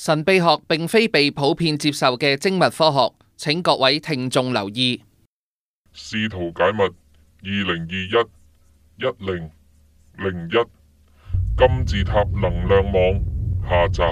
神秘學並非被普遍接受嘅精密科學，請各位聽眾留意。試圖解密二零二一一零零一金字塔能量網下集。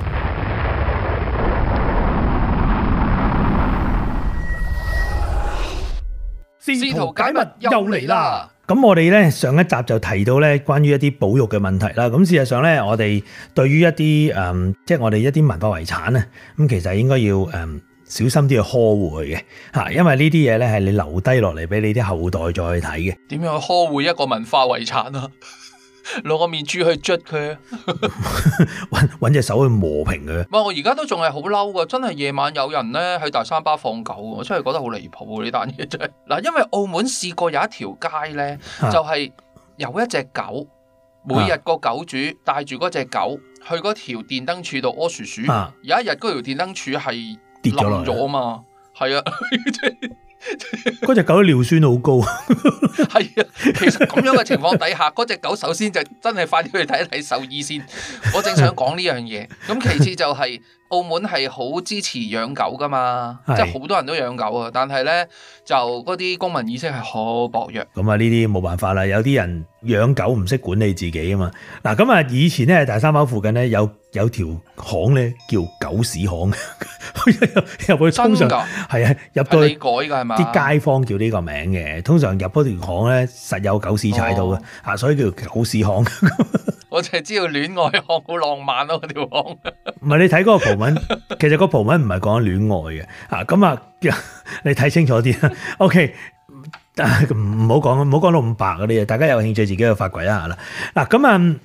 試圖解密又嚟啦！咁我哋咧上一集就提到咧，關於一啲保育嘅問題啦。咁事實上咧，我哋對於一啲誒，即、嗯、係、就是、我哋一啲文化遺產啊，咁其實應該要誒、嗯、小心啲去呵護佢嘅嚇，因為呢啲嘢咧係你留低落嚟俾你啲後代再去睇嘅。點樣去呵護一個文化遺產啊？攞個面珠去捽佢，搵搵隻手去磨平佢。唔 係 我而家都仲係好嬲噶，真係夜晚有人咧去大三巴放狗，我真係覺得好離譜呢單嘢。真係嗱， 因為澳門試過有一條街咧，啊、就係有一隻狗，每日個狗主帶住嗰隻狗去嗰條電燈柱度屙屎鼠。啊、 有一日嗰條電燈柱係跌落咗啊嘛，係是啊。 嗰隻 狗尿酸好高，係啊！其實咁樣嘅情況底下，嗰隻 狗首先就真係快啲去睇一睇獸醫先，我正想講呢樣嘢。咁 其次就係、是。澳門係好支持養狗噶嘛，是即係好多人都養狗啊，但係咧就嗰啲公民意識係好薄弱的。咁啊呢啲冇辦法啦，有啲人養狗唔識管理自己啊嘛。嗱，咁啊以前咧，大三巴附近咧有有條巷咧叫狗屎巷，入入去通常係啊的入到去改㗎係咪，啲街坊叫呢個名嘅，通常入嗰條巷咧實有狗屎踩到嘅，啊、哦、所以叫狗屎巷。 我就係知道戀愛巷好浪漫咯、啊，條巷。唔 係你睇嗰個圖。 其實嗰部文唔係講戀愛嘅，okay，啊，咁啊，你睇清楚啲啦。OK，但係唔好講，唔好講到咁白嗰啲嘢。大家有興趣自己去發掘一下啦。嗱，咁啊，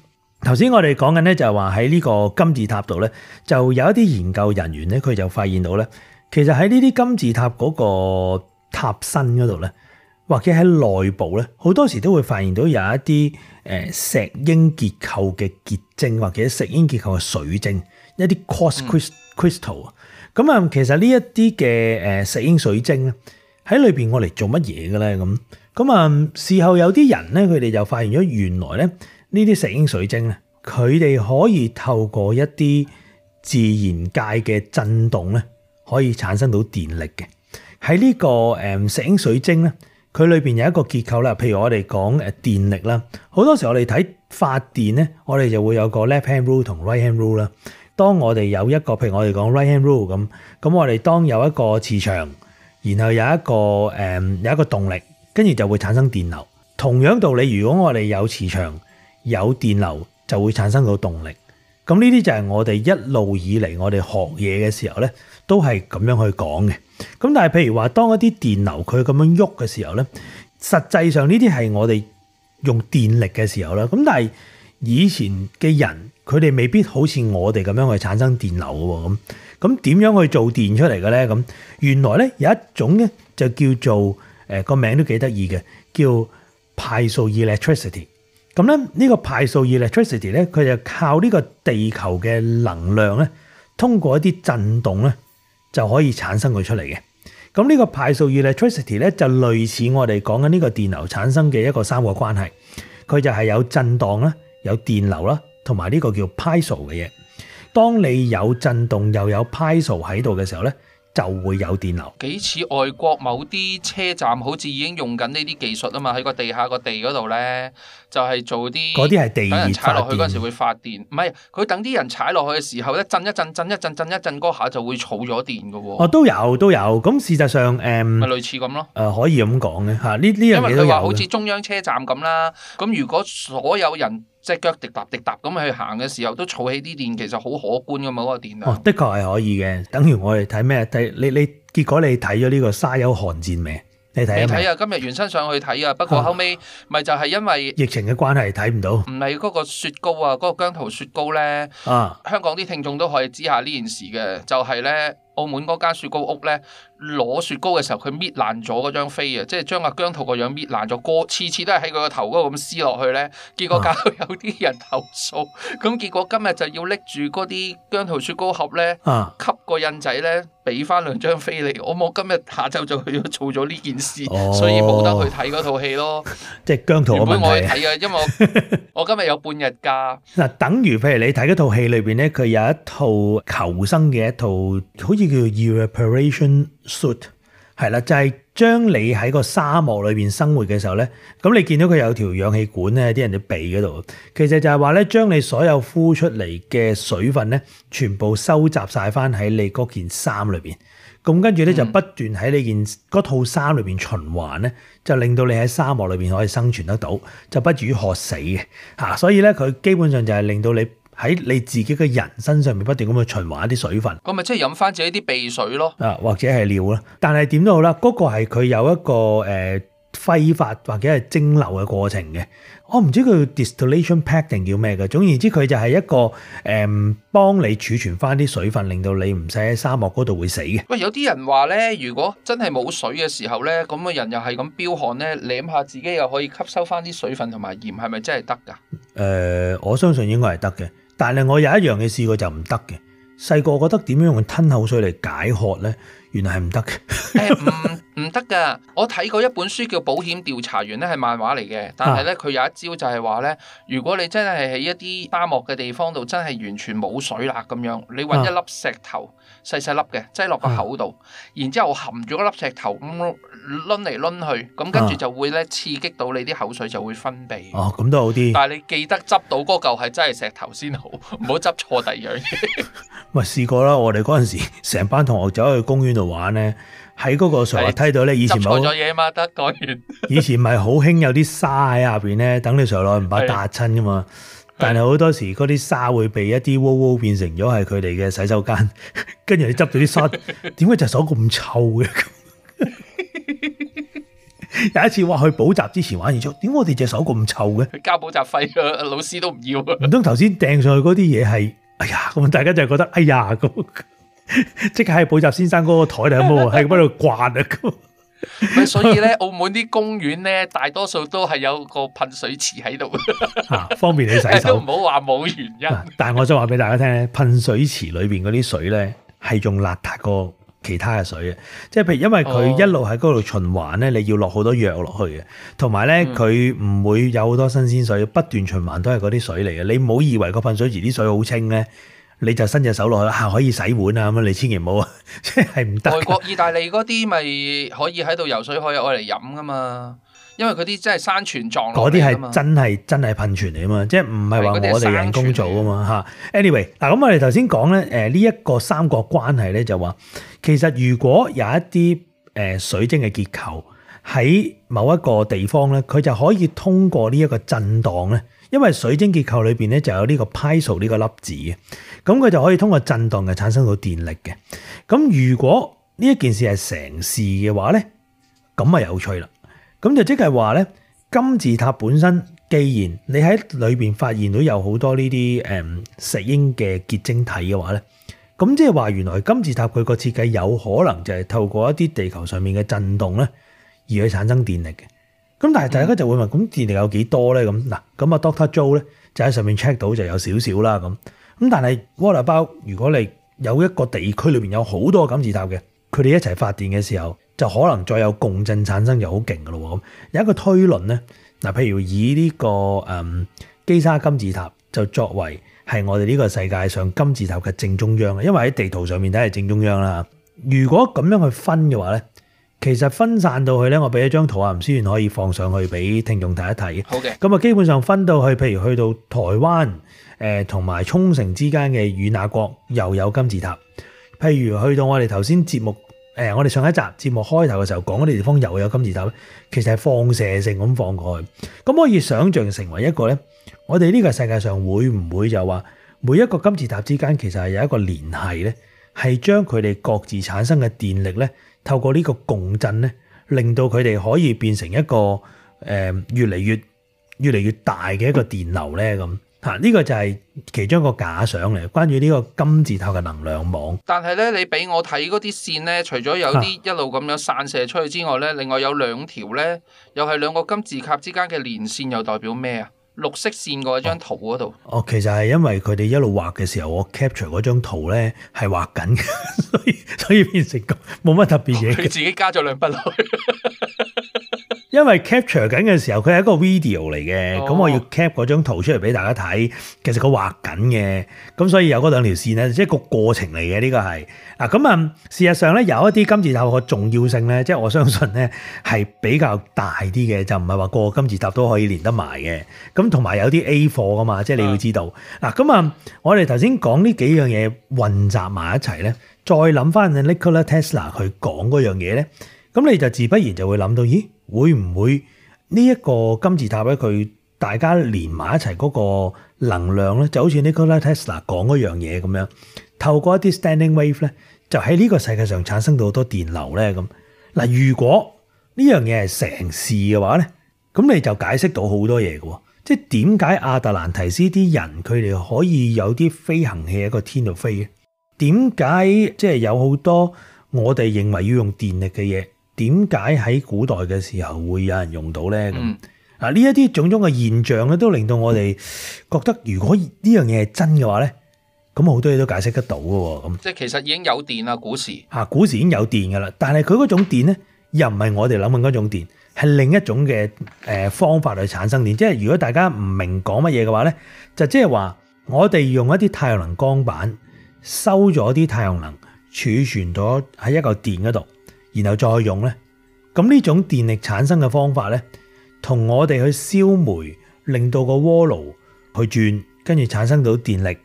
頭先我哋講緊咧就係話喺呢個金字塔度咧，就有一啲研究人員咧，佢就發現到咧，其實喺呢啲金字塔嗰個塔身嗰度咧，或者喺內部咧，好多時候都會發現到有一啲誒石英結構嘅結晶，或者石英結構嘅水晶。一啲 quartz crystal 啊，咁啊，其實呢一啲嘅誒石英水晶咧，喺裏邊我嚟做乜嘢嘅咧？咁咁啊，事後有啲人咧，佢哋就發現咗原來咧，呢啲石英水晶咧，佢哋可以透過一啲自然界嘅震動咧，可以產生到電力嘅。喺呢個誒石英水晶咧，佢裏邊有一個結構啦。譬如我哋講誒電力啦，好多時候我哋睇發電咧，我哋就會有個 left hand rule 同 right hand rule 啦。當我哋有一個，譬如我哋講 right hand rule 咁，咁我哋當有一個磁場，然後有一個誒、嗯、有一個動力，跟住就會產生電流。同樣道理，如果我哋有磁場、有電流，就會產生到動力。咁呢啲就係我哋一路以嚟我哋學嘢嘅時候咧，都係咁樣去講嘅。咁但係譬如話，當一啲電流佢咁樣喐嘅時候咧，實際上呢啲係我哋用電力嘅時候啦。咁但係。以前嘅人佢哋未必好似我哋咁樣去產生電流嘅喎，咁咁點樣去做電出嚟嘅咧？咁原來咧有一種咧就叫做誒個名都幾得意嘅，叫 piezo electricity。咁咧呢個 piezo electricity 咧，佢就靠呢個地球嘅能量咧，通過一啲震動咧就可以產生佢出嚟嘅。咁、這、呢個 piezo electricity 咧就類似我哋講緊呢個電流產生嘅一個三個關係，佢就係有震盪啦。有電流啦，同埋呢個叫 piezo 嘅嘢。當你有震動又有 piezo 喺度嘅時候呢，就會有電流。幾次外國某啲車站好似已經用緊呢啲技術啊嘛，喺個地下個地嗰度呢，就係做啲嗰啲係地等人踩落去嗰陣時會發電，唔係佢等啲人踩落去嘅時候呢，震一震、震一震、震一震嗰下就會儲咗電㗎喎。哦，都有都有，咁事實上誒，咪類似咁咯。誒，可以咁講嘅嚇呢呢樣嘢都有。因為佢話好似中央車站咁啦，咁如果所有人隻腳滴答滴答咁去行嘅時候，都儲起啲電，其實好可觀㗎嘛、嗰個電量。哦，的確係可以嘅。等於我哋睇咩？睇你你結果你睇咗呢個《沙丘寒戰》未？你睇啊！今日原身上去睇啊，不過後尾咪、啊、就係因為疫情嘅關係睇唔到。唔係嗰個雪糕啊，嗰、嗰個姜濤雪糕咧。啊！香港啲聽眾都可以知下呢件事嘅，就係、是、咧。澳門嗰間雪糕屋咧，攞雪糕嘅時候，佢搣爛咗嗰張飛啊！即係將阿姜濤個樣搣爛咗，個次次都係喺佢個頭嗰度咁撕落去咧，結果搞到有啲人投訴，咁、啊、結果今日就要拎住嗰啲姜濤雪糕盒咧，啊、吸個印仔咧，俾翻兩張飛你。我冇今日，下晝就去做咗呢件事，哦、所以冇得去睇嗰套戲咯。即係姜濤原本我去睇啊，因為我， 我今日有半日假。嗱，等於譬如你睇嗰套戲裏邊咧，佢有一套求生嘅一套，好似。叫 evaporation suit，係啦，就係、是、將你喺個沙漠裏邊生活嘅時候咧，咁你見到佢有條氧氣管咧，啲人啲鼻嗰度，其實就係話咧，將你所有呼出嚟嘅水分咧，全部收集晒翻喺你嗰件衫裏邊，咁跟住咧就不斷喺你件嗰套衫裏邊循環咧，嗯、就令到你喺沙漠裏邊可以生存得到，就不至於渴死嘅，吓、啊，所以咧佢基本上就係令到你。喺你自己嘅人身上面不斷咁去循環一啲水分，咁咪即係飲翻自己啲鼻水咯，啊或者係尿啦。但係點都好啦，嗰個係佢有一個誒揮發或者係蒸餾嘅過程嘅。我唔知佢 distillation pack 定叫咩嘅。總言之，佢就係一個誒幫你儲存翻啲水分，令到你唔使喺沙漠嗰度會死嘅。喂，有啲人話咧，如果真係冇水嘅時候咧，咁個人又係咁飚汗咧，舐下自己又可以吸收翻啲水分同埋鹽，係咪真係得噶？誒，我相信應該係得嘅。但係我有一樣嘅試過就唔得嘅，細個覺得點樣用吞口水嚟解渴咧？原來係唔得嘅，唔得噶。我睇過一本書叫《保險調查員》，咧係漫畫嚟嘅。但係咧，佢、啊、有一招就係話咧，如果你真係喺一啲沙漠嘅地方度，真係完全冇水啦咁樣，你揾一粒石頭、啊、細細粒嘅，擠落個口度，啊、然之後含住嗰粒石頭，嗯，攆嚟攆去，咁跟住就會咧刺激到你啲口水、啊、就會分泌。哦、啊，咁都好啲。但係你記得執到嗰嚿係真係石頭先好，唔好執錯第二樣嘢。咪 試過啦，我哋嗰陣時成班同學走去公園度。玩咧喺嗰個上落梯度咧，以前冇做嘢啊嘛，得講完。以前咪好興有啲沙喺下邊咧，等你上落唔怕打親噶嘛。但係好多時嗰啲沙會被一啲窩窩變成咗係佢哋嘅洗手間，跟住你執咗啲沙，點解隻手咁臭嘅？有一次話去補習之前玩完咗，點我哋隻手咁臭嘅？交補習費嘅老師都唔要。唔通頭先掟上去嗰啲嘢係？哎呀，咁大家就係覺得哎呀咁。即係補習先生嗰個台度咁喎，喺嗰度掛啊個。所以咧，澳門啲公園咧，大多數都係有個噴水池喺度、 啊，方便你洗手。唔好話冇原因。 但係我想話俾大家聽咧，噴水池裏邊嗰啲水咧，係用邋遢過其他嘅水嘅。即係譬如，因為佢一路喺嗰度循環咧，哦、你要落好多藥落去嘅，同埋咧佢唔會有好多新鮮水，不斷循環都係嗰啲水嚟嘅。你唔好以為個噴水池啲水好清咧。你就伸隻手落去啦、啊，可以洗碗啊咁樣，你千祈唔好，即係唔得。外國意大利嗰啲咪可以喺度游水，可以攞嚟飲噶嘛？因為嗰啲真係山泉撞落嚟啊嘛。嗰啲係真係真係噴泉嚟啊嘛，即係唔係話我哋人工做啊嘛嚇。anyway 嗱，咁我哋頭先講咧，誒呢一個三角關係咧，就話其實如果有一啲誒水晶嘅結構喺某一個地方咧，佢就可以通過呢一個震盪咧，因為水晶結構裏邊咧就有呢個 piezo 呢個粒子嘅。咁佢就可以通過震動嚟產生到電力嘅。咁如果呢一件事係成事嘅話咧，咁咪有趣啦。咁就即係話咧，金字塔本身，既然你喺裏面發現到有好多呢啲誒石英嘅結晶體嘅話咧，咁即係話原來金字塔佢個設計有可能就係透過一啲地球上面嘅震動咧，而去產生電力嘅。咁但係大家就會問，咁電力有幾多咧？咁嗱、嗯，咁啊 Doctor Joe 咧就喺上面 check 到就有少少啦咁。咁但係瓦納包，如果你有一個地區裏面有好多個金字塔嘅，佢哋一齊發電嘅時候，就可能再有共振產生，就好勁噶咯。有一個推論呢，嗱，譬如以呢、這個誒、嗯、基沙金字塔就作為係我哋呢個世界上金字塔嘅正中央，因為喺地圖上面睇係正中央啦。如果咁樣去分嘅話呢，其實分散到去呢，我俾一張圖阿吳思遠可以放上去俾聽眾睇一睇。好嘅，咁啊，基本上分到去，譬如去到台灣。誒同埋沖繩之間嘅與那國又有金字塔，譬如去到我哋頭先節目誒，我哋上一集節目開頭嘅時候講啲地方又有金字塔，其實係放射性咁放過去。咁可以想像成為一個咧，我哋呢個世界上會唔會就話每一個金字塔之間其實係有一個聯繫咧，係將佢哋各自產生嘅電力咧，透過呢個共振咧，令到佢哋可以變成一個誒越嚟越越嚟越大嘅一個電流咧，咁。嗱，呢、啊呢個就係其中一個假想嚟，關於呢個金字塔嘅能量網。但係呢，你俾我睇嗰啲線呢，除咗有啲一路咁樣散射出去之外呢，啊、另外有兩條呢，又係兩個金字塔之間嘅連線，又代表咩啊？綠色線嗰張圖嗰度、哦。哦，其實係因為佢哋一路畫嘅時候，我 capture 嗰張圖呢係畫緊，所以所以變成咁，冇乜特別嘢。佢、哦、自己加咗兩筆落去。 因為 capture 緊嘅時候，佢係一個 video 嚟嘅，咁、哦、我要 cap 嗰張圖出嚟俾大家睇。其實佢畫緊嘅，咁所以有嗰兩條線咧，即係個過程嚟嘅。呢、呢個係嗱咁啊，事實上咧，有一啲金字塔個重要性咧，即係我相信咧係比較大啲嘅，就唔係話個金字塔都可以連得埋嘅。咁同埋有啲 A 貨噶嘛，即係你要知道嗱。咁、嗯、啊，我哋頭先講呢幾樣嘢混雜埋一齊咧，再諗翻 Nikola Tesla 佢講嗰樣嘢咧。咁你就自不然就會諗到，咦？會唔會呢一個金字塔咧？佢大家連埋一齊嗰個能量咧，就好似 Nikola Tesla 講嗰樣嘢咁樣，透過一啲 standing wave 咧，就喺呢個世界上產生到好多電流咧咁。嗱，如果呢樣嘢係成事嘅話咧，咁你就解釋到好多嘢嘅喎。即係點解亞特蘭提斯啲人佢哋可以有啲飛行器喺個天度飛嘅？點解即係有好多我哋認為要用電力嘅嘢？點解喺古代嘅時候會有人用到咧？咁嗱、嗯，呢一啲種種嘅現象咧，都令到我哋覺得，如果呢樣嘢係真嘅話咧，咁好多嘢都解釋得到嘅。咁即係其實已經有電啦，古時吓，古時已經有電噶啦，但係佢嗰種電咧，又唔係我哋諗緊嗰種電，係另一種嘅誒方法去產生電。即係如果大家唔明講乜嘢嘅話咧，就即係話我哋用一啲太陽能光板收咗啲太陽能，儲存咗喺一個電嗰度。然後再用咧，咁呢種電力產生嘅方法咧，同我哋去燒煤，令到個鍋爐去轉，跟住產生到電力。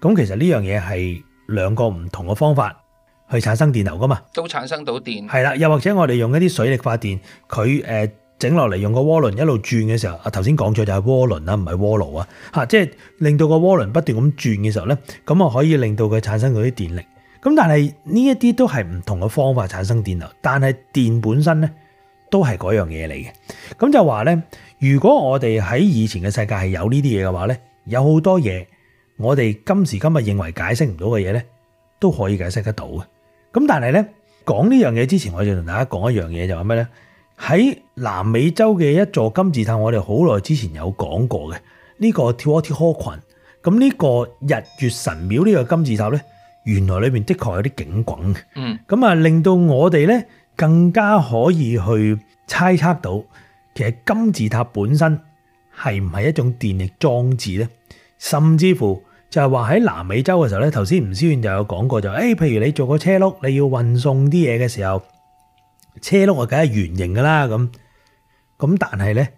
咁其實呢樣嘢係兩個唔同嘅方法去產生電流噶嘛，都產生到電係啦。又或者我哋用一啲水力發電，佢誒整落嚟用個渦輪一路轉嘅時候，才啊頭先講咗就係渦輪啦，唔係鍋爐啊吓，即係令到個渦輪不斷咁轉嘅時候咧，咁啊可以令到佢產生到啲電力。咁但係呢一啲都係唔同嘅方法產生電流，但係電本身咧都係嗰樣嘢嚟嘅。咁就話咧，如果我哋喺以前嘅世界係有呢啲嘢嘅話咧，有好多嘢我哋今時今日認為解釋唔到嘅嘢咧，都可以解釋得到嘅。咁但係咧講呢樣嘢之前，我就同大家講一樣嘢，就係咩咧？喺南美洲嘅一座金字塔，我哋好耐之前有講過嘅呢個跳蝨跳蝦羣，咁呢個日月神廟呢個金字塔咧。原來裏邊的確有啲景滾嘅，咁啊令到我哋咧更加可以去猜測到，其實金字塔本身係唔係一種電力裝置咧？甚至乎就係話喺南美洲嘅時候咧，頭先吳思遠就有講過，就誒譬如你做個車轆，你要運送啲嘢嘅時候，車轆啊梗係圓形㗎啦，咁咁但係咧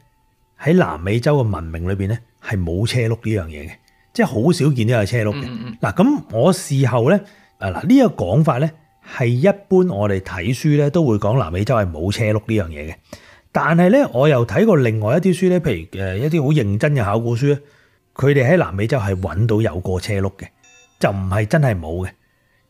喺南美洲嘅文明裏邊咧係冇車轆呢樣嘢嘅。即係好少見到有車轆嘅。嗱，咁我事後咧，啊嗱呢個講法咧係一般我哋睇書咧都會講南美洲係冇車轆呢樣嘢嘅。但係咧，我又睇過另外一啲書咧，譬如誒一啲好認真嘅考古書咧，佢哋喺南美洲係揾到有個車轆嘅，就唔係真係冇嘅。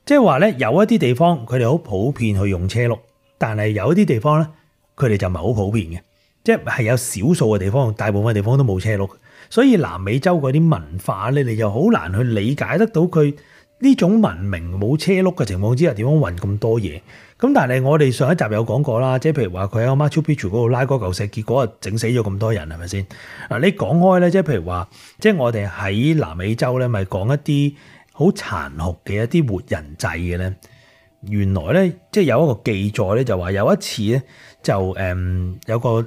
即係話咧，有一啲地方佢哋好普遍去用車轆，但係有一啲地方咧，佢哋就唔係好普遍嘅，即係係有少數嘅地方，大部分地方都冇車轆。所以南美洲嗰啲文化咧，你就好難去理解得到佢呢種文明冇車轆嘅情況之下點樣運咁多嘢。咁但係我哋上一集有講過啦，即係譬如話佢喺馬丘比丘嗰度拉嗰嚿石，結果啊整死咗咁多人，係咪先？嗱，你講開咧，即係譬如話，即係我哋喺南美洲咧，咪講一啲好殘酷嘅一啲活人祭嘅咧。原來咧，即係有一個記載咧，就話有一次咧，就、嗯、誒有個。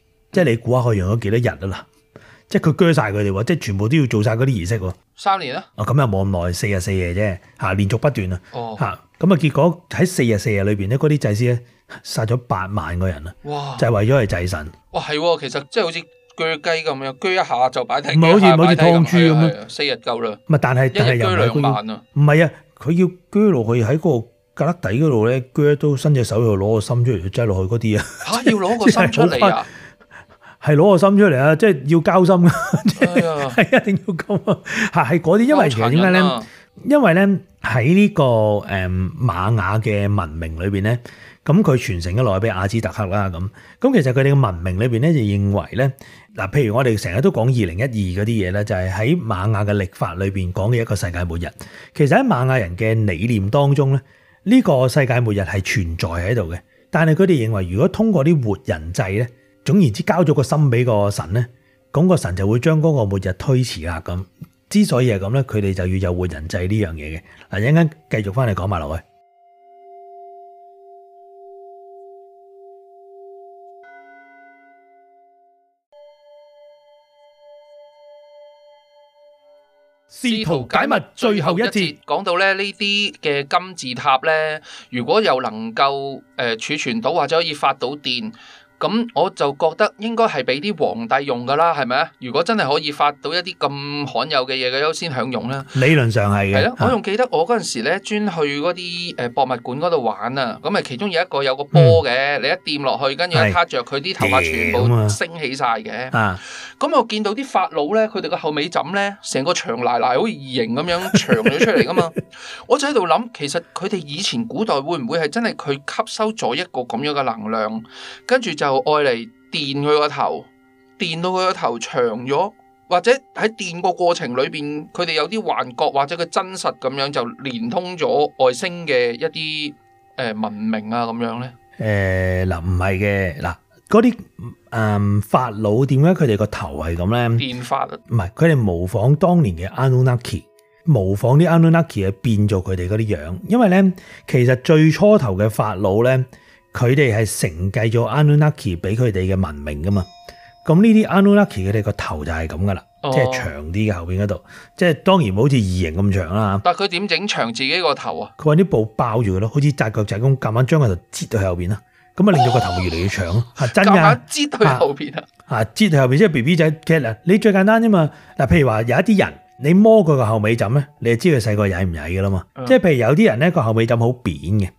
即係你估下佢養咗幾多日啊啦？即係佢鋸晒佢哋喎，即係全部都要做晒嗰啲儀式喎。三年啊？咁又冇咁耐，四日四夜啫嚇，連續不斷啊嚇。咁、哦、啊，結果喺四日四夜裏邊咧，嗰啲祭司咧殺咗八萬個人啊！哇！就係為咗係祭神。哇，係、哦、其實即係好似鋸雞咁樣，鋸一下就擺停。唔係好似冇啲劏豬咁樣，係四日夠啦。唔係但係但係有兩萬啊。唔係啊，佢要鋸落去喺個隔底嗰度咧，鋸都伸隻手度攞個心出嚟，擠落去嗰啲啊。嚇！要攞個心出嚟 很啊？係攞個心出嚟啦，即係要交心嘅，即係係一定要咁啊！嚇，係嗰啲，因為其實點解咧？因為咧喺呢個誒瑪雅嘅文明裏邊咧，咁佢傳承咗落去俾阿茲特克啦咁。咁其實佢哋嘅文明裏邊咧就認為咧，嗱，譬如我哋成日都講二零一二嗰啲嘢咧，就係喺瑪雅嘅曆法裏邊講嘅一個世界末日。其實喺瑪雅人嘅理念當中咧，呢個世界末日係存在喺度嘅。但係佢哋認為，如果通過啲活人祭咧，總而言之，交咗個心俾個神呢，咁個神就會將嗰個末日推遲啊！咁之所以係咁呢，佢哋就要有活人祭呢樣嘢嘅。嗱，一陣間繼續翻嚟講埋落去。試圖解密最後一節，講到咧呢啲嘅金字塔呢，如果又能夠誒儲存到或者可以發到電。咁我就覺得應該係俾啲皇帝用噶啦，係咪啊？如果真係可以發到一啲咁罕有嘅嘢嘅優先享用啦，理論上係嘅。係咯的，我仲記得我嗰陣時咧，專去嗰啲博物館嗰度玩啊。咁啊、嗯，其中有一個有個波嘅，你一掂落去，跟住一卡着佢啲頭髮全部升起晒嘅。咁、啊、我見到啲法老咧，佢哋個後尾枕咧，成個長賴賴好似異形咁樣長咗出嚟噶嘛。 我就喺度諗，其實佢哋以前古代會唔會係真係佢吸收咗一個咁樣嘅能量，跟住就。就愛嚟電佢個頭，電到佢個頭長咗，或者喺電個過程裏邊，佢哋有啲幻覺，或者佢真實咁樣就連通咗外星嘅一啲誒文明啊咁樣咧。誒嗱唔係嘅，嗱嗰啲誒法老點解佢哋個頭係咁咧？變法唔係佢哋模仿當年嘅 Anunnaki，模仿啲 Anunnaki 係變咗佢哋嗰啲樣，因為咧其實最初頭嘅法老咧。佢哋係承繼咗 Anunnaki 俾佢哋嘅文明噶嘛？咁呢啲 Anunnaki 佢哋個頭就係咁噶啦，即係長啲嘅後邊嗰度，即係當然冇好似異形咁長啦。但係佢點整長自己個頭啊？佢話啲布包住佢咯，好似紮腳仔咁，夾硬將佢頭折到後邊啦。咁、哦、啊，令到個頭越嚟越長。係真㗎，折到後邊啊！後面啊，折到、啊、後邊即係 BB 仔。其實你最簡單啫嘛。嗱，譬如話有一啲人，你摸佢個後尾枕咧，你就知佢細個曳唔曳嘅啦嘛。嗯、即係譬如有啲人咧，個後尾枕好扁嘅。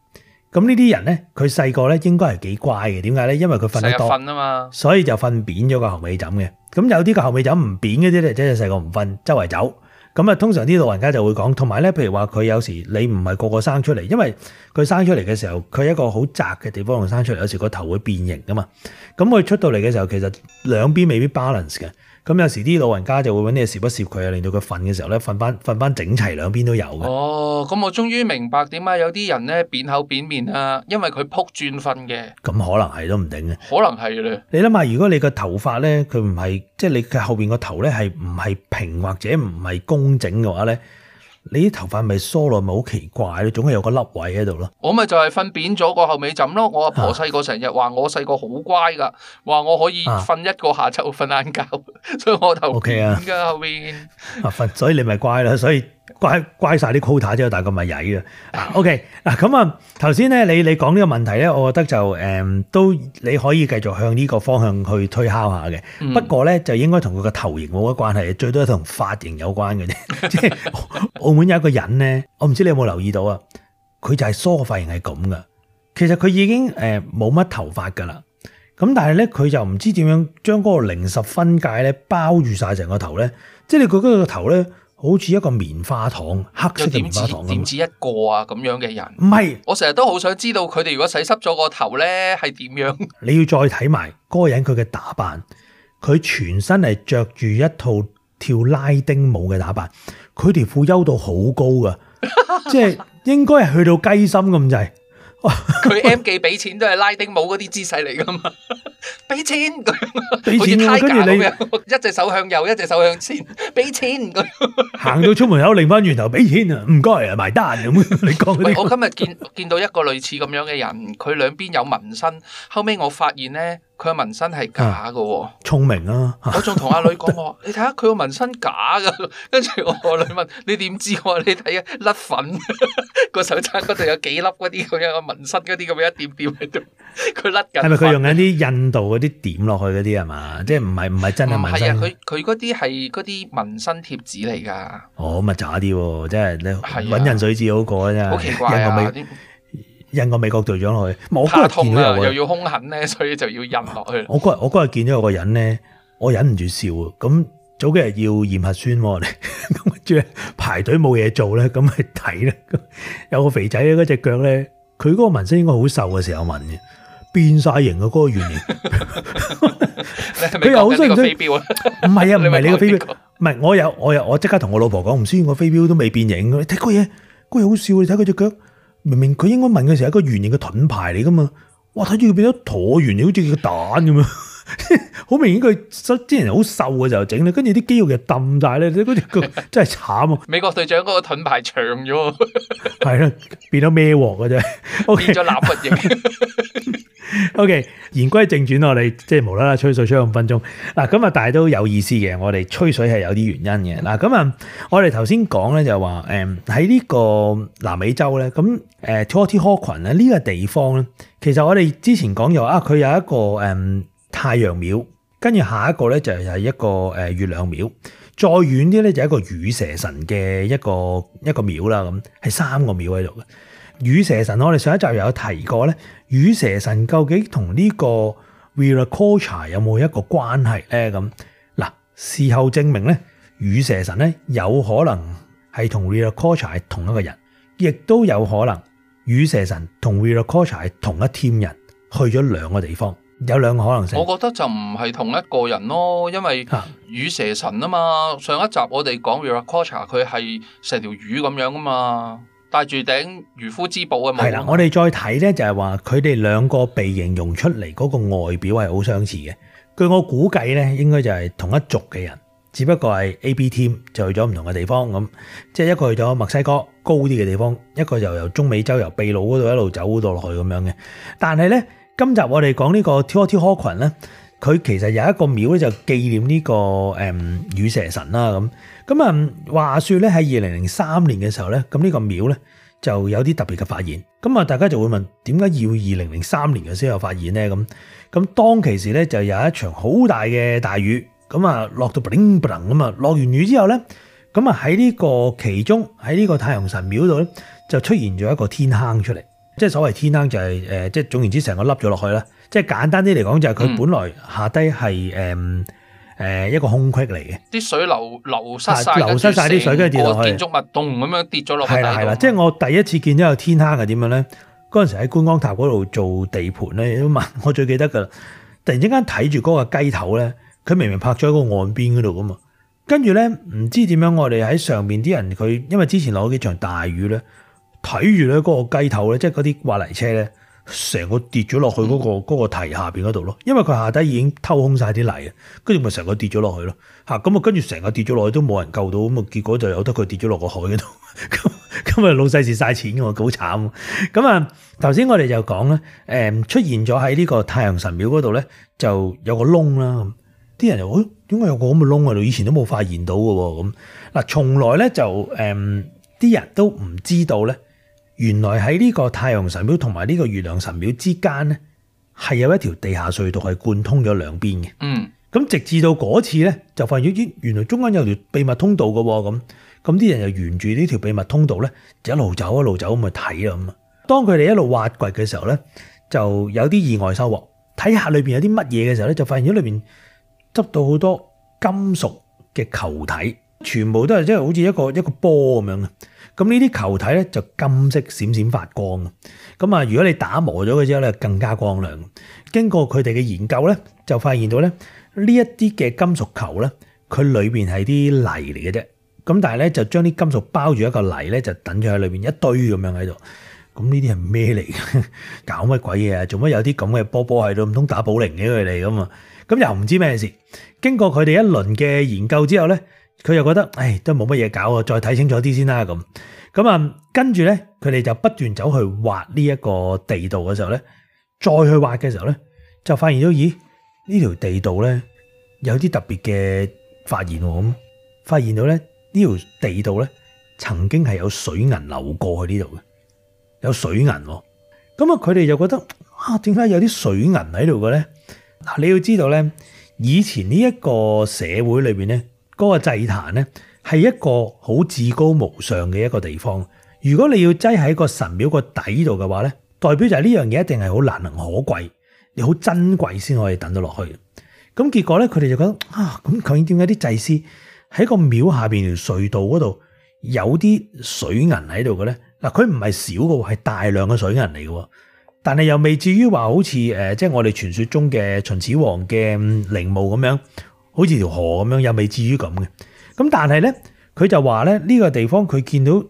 咁呢啲人咧，佢細個咧應該係幾乖嘅，點解咧？因為佢瞓得多，瞓啊嘛，所以就瞓扁咗個後尾枕嘅。咁有啲個後尾枕唔扁嗰啲咧，即係細個唔瞓，周圍走。咁啊，通常啲老人家就會講，同埋咧，譬如話佢有時你唔係個個生出嚟，因為佢生出嚟嘅時候，佢一個好窄嘅地方度生出嚟，有時個頭會變形噶嘛。咁佢出到嚟嘅時候，其實兩邊未必 balance 嘅。咁有時啲老人家就會揾你攝一攝佢啊，令到佢瞓嘅時候咧，瞓翻瞓翻整齊，兩邊都有嘅。哦，咁我終於明白點解有啲人咧，扁口扁面啊，因為佢撲轉瞓嘅。咁可能係都唔定嘅，可能係。你諗下，如果你個頭髮咧，佢唔係即係你嘅後邊個頭咧，係唔係平或者唔係工整嘅話咧？你啲頭髮咪梳落咪好奇怪，你總係有個凹位喺度咯。我咪就係瞓扁咗個後尾枕咯。我阿婆細個成日話我細個好乖噶，話我可以瞓一個下晝瞓晏覺，啊、 所以我頭 ok 扁噶後面啊瞓， 所以你咪乖啦，所以。怪怪曬啲 quota 啫，但 大佢咪曳啊！OK 嗱，咁啊頭先咧，你你講呢個問題咧，我覺得就誒、嗯、都你可以繼續向呢個方向去推敲下嘅。嗯、不過咧，就應該同佢個頭型冇乜關係，最多係同髮型有關嘅啫。即 係澳門有一個人咧，我唔知你有冇留意到啊？佢就係梳個髮型係咁嘅，其實佢已經誒冇乜頭髮㗎啦。咁但係咧，佢就唔知點樣將嗰個零十分界咧包住晒成個頭咧，即係你覺得佢嗰個頭咧。好似一個棉花糖，黑色嘅棉花糖，點止,止一個啊咁樣嘅人？唔係是，我成日都好想知道佢哋如果洗濕咗個頭呢，係點樣？你要再睇埋嗰個人佢嘅打扮，佢全身係着住一套跳拉丁舞嘅打扮，佢條褲修到好高噶，即係應該係去到雞心咁滯。佢 M 記俾錢都係拉丁舞嗰啲姿勢嚟噶嘛。 俾錢，好似太假咁樣，一隻手向右，一隻手向前，俾錢、啊。行到出門口，擰翻轉頭，俾錢啊！唔該，埋單咁。你講嗰我今日見見到一個類似咁樣嘅人，佢兩邊有紋身，後尾我發現咧，佢個紋身係假噶。聰明啊！啊我仲同阿女講我， 你睇下佢個紋身假噶，跟住我個女問：你點知我？你睇下，甩粉個 手踭嗰度有幾粒嗰啲咁樣嘅紋身嗰啲咁樣一點點喺度。佢甩緊，係咪佢用緊啲印度嗰啲點落去嗰啲係嘛？即係唔係唔係真係紋身？係啊，佢佢嗰啲係嗰啲紋身貼紙嚟噶。哦，咁咪渣啲喎，真係你揾印水紙好過啊，真係。好奇怪、啊、 印個美，美國隊長落去，冇嗰日又要凶狠咧，所以就要印落去 我。我嗰日我嗰日見咗有個人咧，我忍唔住笑，咁早幾日要驗核酸喎、啊，你跟住排隊冇嘢做咧，咁咪睇啦。有個肥仔咧，嗰隻腳咧。佢嗰個紋身應該好瘦嘅時候紋嘅，變晒形嘅嗰個圓形，形。佢又好多飛鏢啊！唔 係啊，唔係你個飛鏢，唔係我有我有我即刻同我老婆講，唔需要個飛鏢都未變形、那個。你睇個嘢，個嘢好笑。你睇佢隻腳，明明佢應該紋嘅時候係一個圓形嘅盾牌嚟㗎嘛，哇！睇住佢變咗橢圓形，好似個蛋咁樣！好 明顯佢之前好瘦嘅時候整咧，跟住啲肌肉又冧晒咧，你嗰啲真係慘啊！美國隊長嗰個盾牌長咗，係 咯，變咗咩喎？嗰隻變咗攬物型。O K，言歸正傳，我哋即係無啦啦吹水吹五分鐘。嗱，咁啊，但係都有意思嘅。我哋吹水係有啲原因嘅。嗱，咁啊，我哋頭先講咧就話，誒喺呢個南美洲咧，咁誒 Teotihuacan 群咧呢個地方咧，其實我哋之前講又啊，佢有一個誒。嗯太陽廟，跟住下一個咧就係一個誒月亮廟，再遠啲咧就係一個羽蛇神嘅一個一個廟啦咁，係三個廟喺度嘅。羽蛇神，我哋上一集又有提過咧，羽蛇神究竟同呢個 Viracocha 有冇一個關係咧咁？嗱，事後證明咧，羽蛇神咧有可能係同 Viracocha 係同一個人，亦都有可能羽蛇神同 Viracocha 係同一 team 人去咗兩個地方。有兩個可能性，我覺得就唔係同一個人咯，因為魚蛇神啊嘛，上一集我哋講 Viracocha，佢係成條魚咁樣噶嘛，戴住頂漁夫之帽啊嘛。係啦，我哋再睇咧，就係話佢哋兩個被形容出嚟嗰個外表係好相似嘅。據我估計咧，應該就係同一族嘅人，只不過係 A B team 就去咗唔同嘅地方咁，即係一個去咗墨西哥高啲嘅地方，一個就由中美洲由秘魯嗰度一路走到落去咁樣嘅。但係咧。今集我哋講呢個 Teotihuacan 咧，佢其實有一個廟咧就紀念呢、這個誒羽、嗯、蛇神啦咁。咁啊，話說咧喺二零零三年嘅時候咧，咁、這、呢個廟咧就有啲特別嘅發現。咁啊，大家就會問，點解要二零零三年嘅先有發現咧？咁咁當其時咧就有一場好大嘅大雨，咁啊落到不靈不能咁啊，落完雨之後咧，咁啊喺呢個其中喺呢個太陽神廟度咧就出現咗一個天坑出嚟。即係所謂天坑，就係，就係即係總言之，成個凹咗落去啦。即係簡單啲嚟講，就係佢本來下低係誒誒一個空隙嚟嘅，啲水流流失曬，流失曬啲水跟住跌落去。建築物洞咁樣跌咗落去。係啦係啦，即係我第一次見到有天坑係點樣咧？嗰陣時喺觀光塔嗰度做地盤咧，都問我最記得噶。突然之間睇住嗰個雞頭咧，佢明明拍咗喺個岸邊嗰度㗎嘛，跟住咧唔知點樣，我哋喺上面啲人佢，因為之前落咗幾場大雨咧。睇住咧嗰個雞頭咧，即係嗰啲挖泥車咧，成個跌咗落去嗰、嗰個嗰個堤下邊嗰度咯。因為佢下低已經偷空晒啲泥啊，跟住咪成個跌咗落去咯。吓，咁啊，跟住成個跌咗落去都冇人救到，咁啊結果就由得佢跌咗落個海嗰度。咁咁啊老細蝕晒錢㗎喎，好慘。咁啊頭先我哋就講咧，誒出現咗喺呢個太陽神廟嗰度咧，就有個窿啦。啲人就誒點解有個咁嘅窿喺度？以前都冇發現到嘅喎。咁嗱，從來咧就誒啲人都唔知道咧。原來喺呢個太陽神廟同埋呢個月亮神廟之間呢，係有一條地下隧道係貫通咗兩邊嘅。嗯，咁直至到嗰次呢，就發現咦，原來中間有條秘密通道嘅喎。咁，咁啲人就沿住呢條秘密通道呢，就一路走一路走咁去睇啊。咁啊，當佢哋一路挖掘嘅時候呢，就有啲意外收穫。睇下裏邊有啲乜嘢嘅時候呢，就發現咗裏面執到好多金屬嘅球體，全部都係即係好似一個一個波咁樣嘅。咁呢啲球體咧就金色閃閃發光，咁啊如果你打磨咗佢之後咧更加光亮。經過佢哋嘅研究咧，就發現到咧呢一啲嘅金屬球咧，佢裏面係啲泥嚟嘅啫。咁但係咧就將啲金屬包住一個泥咧，就等住喺裏面一堆咁樣喺度。咁呢啲係咩嚟？搞乜鬼嘢啊？做乜有啲咁嘅波波喺度？唔通打保齡嘅佢哋咁啊？咁又唔知咩事。經過佢哋一輪嘅研究之後咧。佢又覺得，唉，都冇乜嘢搞啊，再睇清楚啲先啦咁。咁啊，跟住咧，佢哋就不斷走去挖呢一個地道嘅時候咧，再去挖嘅時候咧，就發現到，咦，呢條地道咧有啲特別嘅發現喎。咁發現到咧，呢條地道咧曾經係有水銀流過去呢度嘅，有水銀喎。咁啊，佢哋就覺得，啊，點解有啲水銀喺度嘅咧？嗱，你要知道咧，以前呢一個社會裏面咧。嗰個祭壇咧係一個好至高無上嘅一個地方。如果你要擠喺個神廟個底度嘅話咧，代表就係呢樣嘢一定係好難能可貴，你好珍貴先可以等到落去。咁結果咧，佢哋就覺得啊，咁究竟點解啲祭司喺個廟下邊條隧道嗰度有啲水銀喺度嘅咧？嗱，佢唔係少嘅喎，係大量嘅水銀嚟嘅，但係又未至於話好似誒，即係我哋傳說中嘅秦始皇嘅陵墓咁樣。好似條河咁樣，又未至於咁嘅。咁但係咧，佢就話咧，呢個地方佢見到，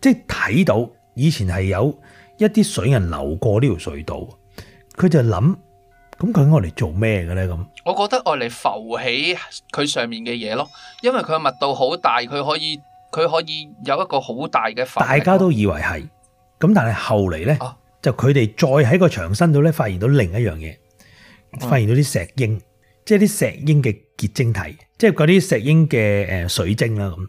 即係睇到以前係有一啲水銀流過呢條隧道。佢就諗，咁佢攞嚟做咩嘅咧？咁我覺得攞嚟浮起佢上面嘅嘢咯，因為佢密度好大，佢可以佢可以有一個好大嘅反。大家都以為係，咁但係後嚟咧，就佢哋再喺個牆身度咧發現到另一樣嘢，發現到啲石英，即係啲石英嘅。結晶體，即係嗰啲石英嘅誒水晶啦咁，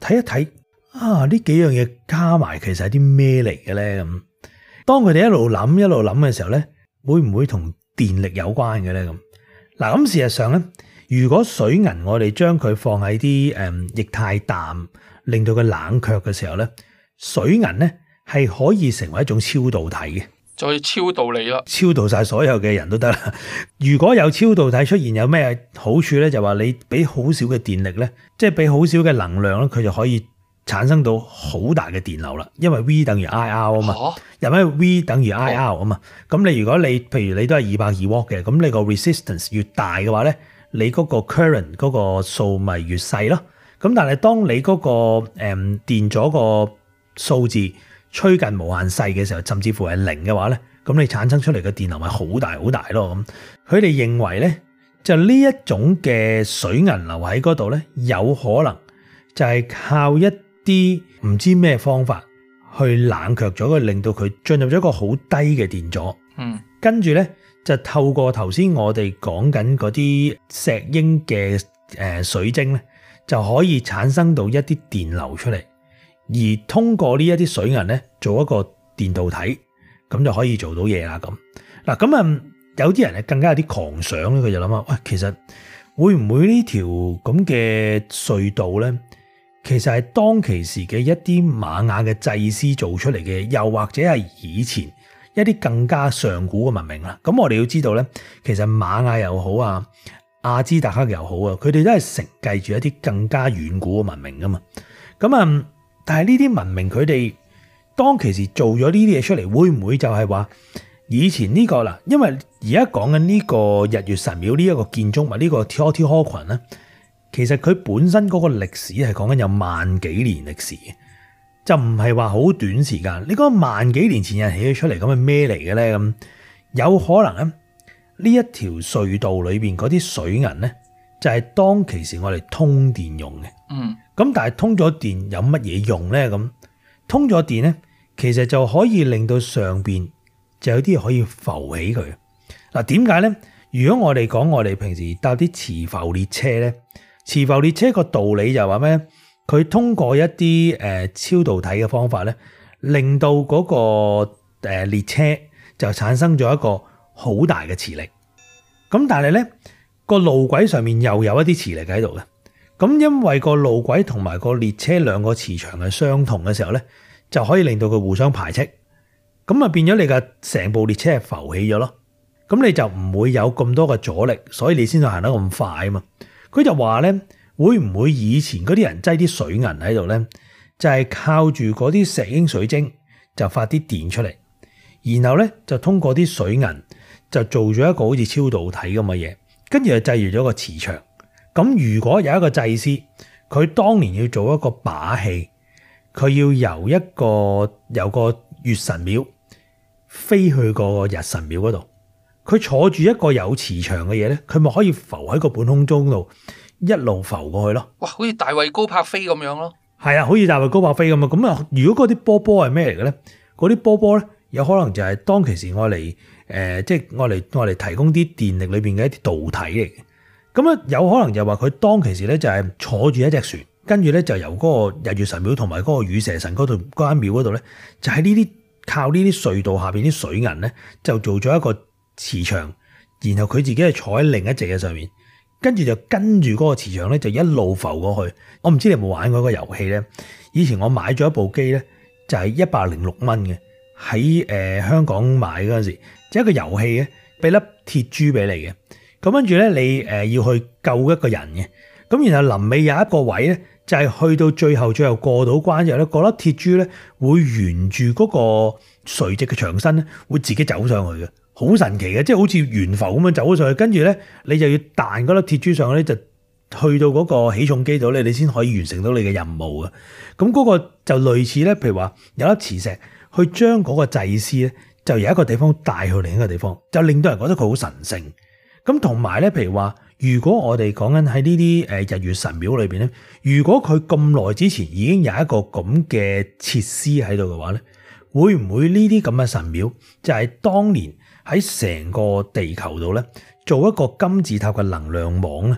睇一睇啊呢幾樣嘢加埋其實係啲咩嚟嘅咧咁？當佢哋一路諗一路諗嘅時候咧，會唔會同電力有關嘅咧咁？嗱咁事實上咧，如果水銀我哋將佢放喺啲誒液態氮，令到佢冷卻嘅時候咧，水銀咧係可以成為一種超導體嘅。就超導你啦，超導晒所有嘅人都得啦。如果有超導體出現，有咩好處咧？就話你俾好少嘅電力咧，即係俾好少嘅能量咧，佢就可以產生到好大嘅電流啦。因為 V 等於 IR 啊嘛，因為、啊、V 等於 IR 啊嘛。咁你、啊、如果你，譬如你都係二百二瓦嘅，咁你個 resistance 越大嘅話咧，你嗰個 current 嗰個數咪越細咯。咁但係當你嗰、那個誒、嗯、電咗個數字。趨近無限細嘅時候，甚至乎係零嘅話咧，咁你產生出嚟嘅電流咪好大好大咯。咁佢哋認為咧，就呢一種嘅水銀流喺嗰度咧，有可能就係靠一啲唔知咩方法去冷卻咗佢，令到佢進入咗一個好低嘅電阻。嗯，跟住咧就透過頭先我哋講緊嗰啲石英嘅誒水晶咧，就可以產生到一啲電流出嚟。而通過呢一啲水銀咧，做一個電導體，咁就可以做到嘢啦。咁嗱，咁啊，有啲人咧更加有啲狂想，佢就諗啊，喂，其實會唔會呢條咁嘅隧道咧，其實係當其時嘅一啲瑪雅嘅祭司做出嚟嘅，又或者係以前一啲更加上古嘅文明啦。咁我哋要知道咧，其實瑪雅又好啊，亞茲達克又好啊，佢哋都係承繼住一啲更加遠古嘅文明噶嘛。咁啊～但係呢啲文明佢哋當其時做咗呢啲嘢出嚟，會唔會就係話以前呢，這個啦？因為而家講緊呢個日月神廟呢一個建築物呢，這個 Teotihuacan 群咧，an, 其實佢本身嗰個歷史係講緊有萬幾年歷史，就唔係話好短時間。你講萬幾年前人起咗出嚟，咁係咩嚟嘅咧？咁有可能咧？呢一條隧道裏邊嗰啲水銀咧？就係當其時我哋通電用嘅，嗯，咁但係通咗電有乜嘢用咧？咁通咗電咧，其實就可以令到上邊就有啲嘢可以浮起佢。嗱，點解咧？如果我哋講我哋平時搭啲磁浮列車咧，磁浮列車個道理就話咩？佢通過一啲誒超導體嘅方法咧，令到嗰個誒列車就產生咗一個好大嘅磁力。咁但係咧？個路軌上面又有一啲磁力喺度嘅，咁因為個路軌同埋個列車兩個磁場係相同嘅時候咧，就可以令到佢互相排斥，咁啊，變咗你嘅成部列車係浮起咗咯，咁你就唔會有咁多嘅阻力，所以你先至行得咁快啊嘛。佢就話咧，會唔會以前嗰啲人擠啲水銀喺度咧，就係靠住嗰啲石英水晶就發啲電出嚟，然後咧就通過啲水銀就做咗一個好似超導體咁嘅嘢。跟住就製造咗個磁場，咁如果有一個祭司，佢當年要做一個把戲，佢要由一個有個月神廟飛去個日神廟嗰度，佢坐住一個有磁場嘅嘢咧，佢咪可以浮喺個半空中度，一路浮過去咯。哇！好似大衛高柏飛咁樣咯，係啊，好似大衛高柏飛咁啊。咁啊，如果嗰啲波波係咩嚟嘅咧？嗰啲波波咧，有可能就係當其時我嚟。誒，即係我嚟我嚟提供啲電力裏邊嘅一啲導體嚟嘅，咁啊，有可能就話佢當其時咧就係坐住一隻船，跟住咧就由嗰個日月神廟同埋嗰個羽蛇神嗰度嗰間廟嗰度咧，就喺呢啲靠呢啲隧道下邊啲水銀咧，就做咗一個磁場，然後佢自己係坐喺另一隻嘅上面，跟住就跟住嗰個磁場咧就一路浮過去。我唔知你有冇玩過一個遊戲咧？以前我買咗一部機咧，就係一百零六蚊嘅，喺誒香港買嗰陣時。一個遊戲嘅，俾粒鐵珠俾你嘅，咁跟住咧，你誒要去救一個人嘅，咁然後臨尾有一個位咧，就係、是、去到最後最後過到關之後咧，嗰粒鐵珠咧會沿住嗰個垂直嘅牆身咧，會自己走上去嘅，好神奇嘅，即係好似懸浮咁樣走咗上去，跟住咧你就要彈嗰粒鐵珠上去，咧，就去到嗰個起重機度咧，你先可以完成到你嘅任務啊！咁、那、嗰個就類似咧，譬如話有粒磁石去將嗰個祭司咧。就有一個地方帶去另一個地方，就令到人覺得佢好神聖。咁同埋咧，譬如話，如果我哋講緊喺呢啲日月神廟裏面，咧，如果佢咁耐之前已經有一個咁嘅設施喺度嘅話咧，會唔會呢啲咁嘅神廟就係當年喺成個地球度咧做一個金字塔嘅能量網咧？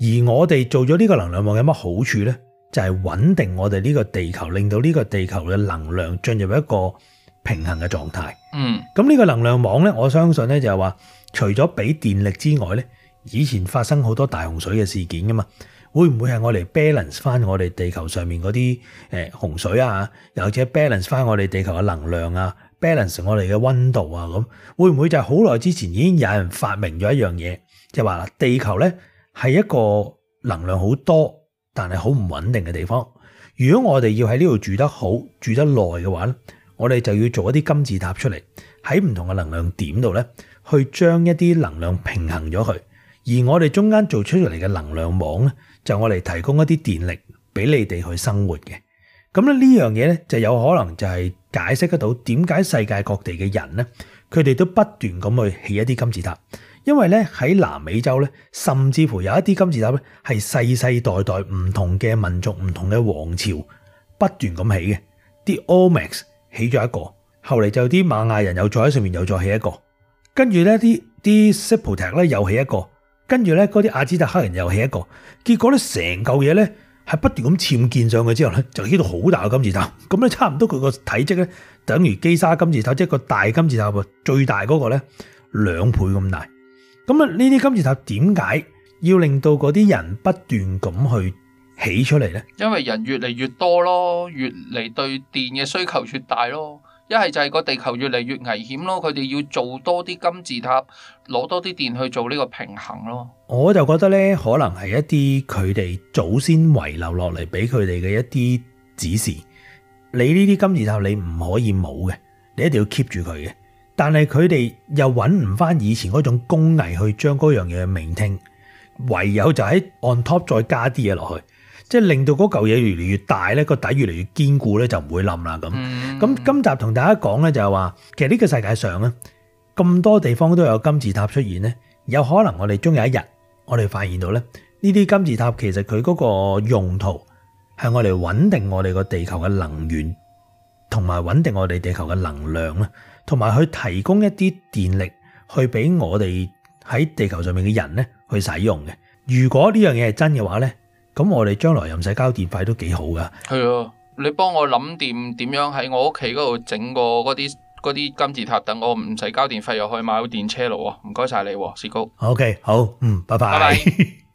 而我哋做咗呢個能量網有乜好處咧？就係穩定我哋呢個地球，令到呢個地球嘅能量進入一個平衡嘅狀態，嗯，咁呢個能量網咧，我相信咧就係話，除咗俾電力之外咧，以前發生好多大洪水嘅事件噶嘛，會唔會係我哋 balance 翻我哋地球上面嗰啲誒洪水啊，又或者 balance 翻我哋地球嘅能量啊，balance 我哋嘅溫度啊，咁會唔會就係好耐之前已經有人發明咗一樣嘢，就係話地球咧係一個能量好多但係好唔穩定嘅地方，如果我哋要喺呢度住得好住得耐嘅話咧？我哋就要做一啲金字塔出嚟，喺唔同嘅能量點度咧，去將一啲能量平衡咗佢。而我哋中間做出嚟嘅能量網咧，就我嚟提供一啲電力俾你哋去生活嘅。咁咧呢樣嘢咧就有可能就係解釋得到點解世界各地嘅人咧，佢哋都不斷咁去起一啲金字塔，因為咧喺南美洲咧，甚至乎有一啲金字塔咧係世世代代唔同嘅民族、唔同嘅王朝不斷咁起嘅啲 o m e 起咗一個，後嚟就啲瑪雅人又再喺上面又再起一個，跟住咧啲啲薩波特克咧又起一個，跟住咧嗰啲阿茲特克人又起一個，結果咧成嚿嘢咧係不斷咁僭建上去之後咧，就起到好大個金字塔，咁咧差唔多佢個體積咧等於基沙金字塔，即係個大金字塔喎，最大嗰個咧兩倍咁大，咁啊呢啲金字塔點解要令到嗰啲人不斷咁去？起出嚟呢，因為人越嚟越多咯，越嚟對電嘅需求越大咯。一係就係個地球越嚟越危險咯，佢哋要做多啲金字塔，攞多啲電去做呢個平衡咯。我就覺得呢，可能係一啲佢哋祖先遺留落嚟俾佢哋嘅一啲指示。你呢啲金字塔你唔可以冇嘅，你一定要 keep 住佢嘅。但係佢哋又揾唔翻以前嗰種工藝去將嗰樣嘢 maintain，唯有就喺 on top 再加啲嘢落去。即係令到嗰嚿嘢越嚟越大咧，個底越嚟越堅固咧，就唔會冧啦咁。咁、mm. 今集同大家講咧，就係話其實呢個世界上咧咁多地方都有金字塔出現咧，有可能我哋終有一日我哋發現到咧，呢啲金字塔其實佢嗰個用途係我哋穩定我哋個地球嘅能源同埋穩定我哋地球嘅能量啦，同埋去提供一啲電力去俾我哋喺地球上面嘅人咧去使用嘅。如果呢樣嘢係真嘅話咧。咁我哋將來又唔使交電費都幾好噶，係啊！你幫我諗掂點樣喺我屋企嗰度整個嗰啲啲金字塔，等我唔使交電費又可以買到電車路啊！唔該晒你，司高。OK，okay，好，嗯，拜拜。拜拜